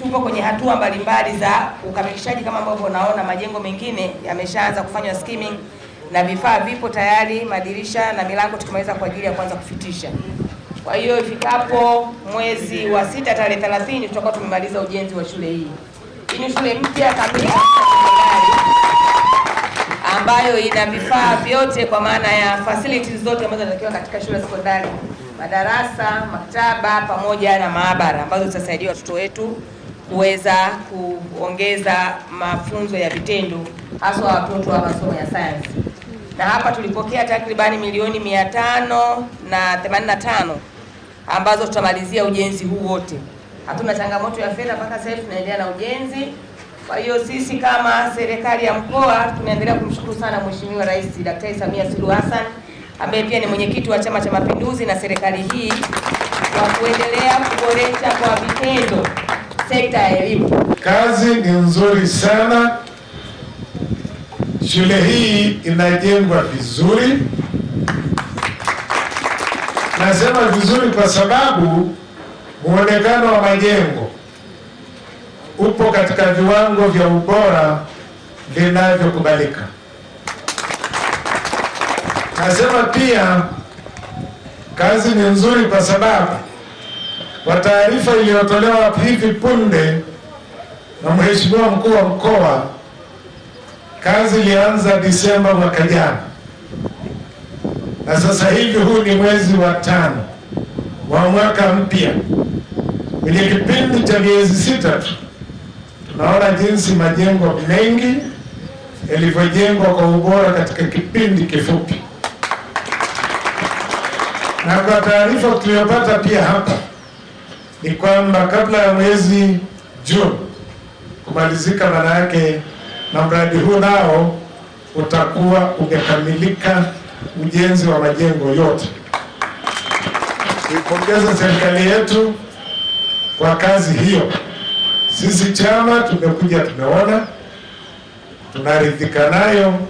Tupo kwenye hatua mbalimbali za ukamilishaji kama ambavyo unaona majengo mengine yameshaanza kufanywa skimming na vifaa vipo tayari, madirisha na milango tukimaliza kwa ajili ya kuanza kufitisha. Kwa hiyo ifikapo mwezi wa sita tarehe 30 tutakuwa tumemaliza ujenzi wa shule hii. Hii ni shule mpya kamili ambayo ina vifaa vyote kwa maana ya facilities zote ambazo zinatakiwa katika shule ya sekondari, madarasa, maktaba pamoja na maabara ambazo zitasaidia watoto wetu kuweza kuongeza mafunzo ya vitendo haswa watoto wa masomo ya sayansi, na hapa tulipokea takribani milioni mia tano na themanini na tano ambazo tutamalizia ujenzi huu wote. Hatuna changamoto ya fedha mpaka sasa hivi, tunaendelea na ujenzi. Kwa hiyo sisi kama serikali ya mkoa tunaendelea kumshukuru sana Mheshimiwa Rais Daktari Samia Suluhu Hassan ambaye pia ni mwenyekiti wa Chama cha Mapinduzi na serikali hii kwa kuendelea kuboresha kwa vitendo sekta ya elimu. Kazi ni nzuri sana. Shule hii inajengwa vizuri. Nasema vizuri kwa sababu muonekano wa majengo upo katika viwango vya ubora vinavyokubalika. Nasema pia kazi ni nzuri kwa sababu kwa taarifa iliyotolewa hivi punde na Mheshimiwa mkuu wa mkoa, kazi ilianza Disemba mwaka jana, na sasa hivi huu ni mwezi wa tano wa mwaka mpya. Kwenye kipindi cha miezi sita tu tunaona jinsi majengo mengi yalivyojengwa kwa ubora katika kipindi kifupi, na kwa taarifa tuliyopata pia hapa ni kwamba kabla ya mwezi Juni kumalizika, maana yake na mradi huu nao utakuwa umekamilika ujenzi wa majengo yote. Kuipongeza serikali yetu kwa kazi hiyo. Sisi chama tumekuja tumeona, tunaridhika nayo.